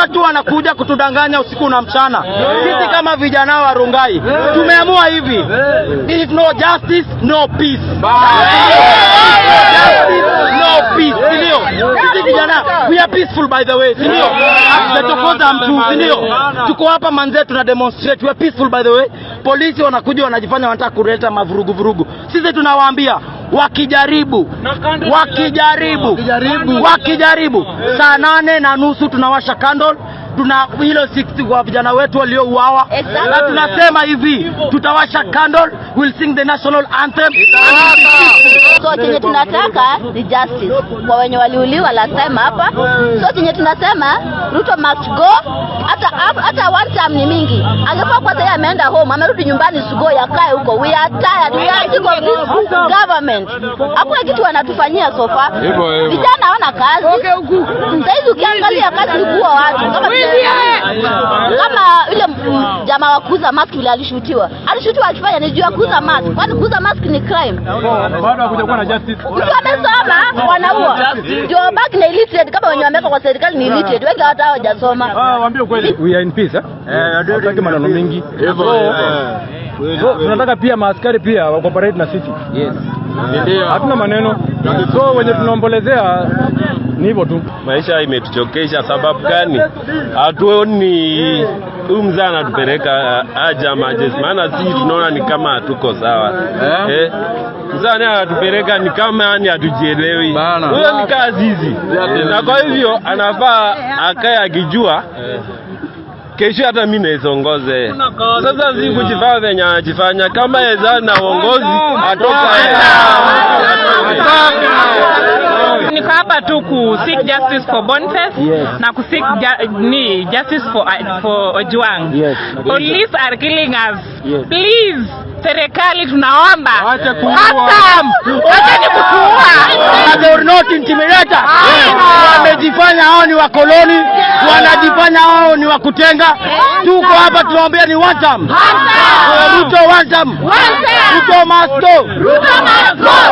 watu wanakuja kutudanganya usiku na mchana. Sisi kama vijana wa Rongai tumeamua hivi, if no justice no peace, sindio? Sisi vijana we are peaceful by the way, sindio? mtu, Tuko hapa manze, tuna demonstrate we are peaceful by the way. Polisi wanakuja wanajifanya wanataka kuleta mavurugu vurugu, sisi tunawaambia wakijaribu wakijaribu wakijaribu, eh. saa nane na nusu tunawasha candle tuna hilo 60 kwa vijana wetu waliouawa, na tunasema hivi, tutawasha candle, we'll sing the national anthem tunataka ni justice kwa wenye waliuliwa last time hapa. So chenye tunasema Ruto must go, hata hata one time ni mingi. Angekuwa kwa sasa ameenda home, amerudi nyumbani sugo kae huko. We are tired, we are sick of this government. Hakuna kitu wanatufanyia so far. Vijana hawana kazi. Sasa ukiangalia kazi ni kuwa watu kama jamaa wa kuuza mask ile alishutiwa, alishutiwa akifanya ni juu ya kuuza mask, kwani kuuza mask ni crime. Bado hakuja kuwa na justice. Ukiwa amesoma wanaua ndio back na illiterate, kama wenye wameka kwa serikali ni illiterate, wengi hata hawajasoma. Ah, waambie kweli, we are in peace. Eh, eh hataki maneno mengi hivyo. Eh, tunataka pia maaskari pia wa cooperate na sisi. Yes, hatuna maneno, so wenye tunaombolezea ni hivyo tu. Maisha imetuchokesha. Sababu gani? hatuoni huyu mzee anatupeleka aja ah, ah, majesi, maana sisi tunaona ni kama hatuko sawa eh? Eh? Mzani anatupeleka ni kama yani hatujielewi. Huyo ni yeah. na kwa hivyo anafaa akae akijua kesho hata mimi naisongoze. Sasa si kujifanya venye anajifanya kama yezana na uongozi atoka Tuko hapa tu ku seek justice for Boniface yes. na ku seek ju ni justice for uh, for Ojwang. Yes. Police are killing us. Yes. Please, serikali tunaomba. Acha kuua. Acha ni kuua. Ah, they are not intimidator. Wamejifanya hao ni wakoloni, wanajifanya hao ni wakutenga Tuko hapa tunaombea ni one time. Ruto one time. Ruto must go. Ruto must go.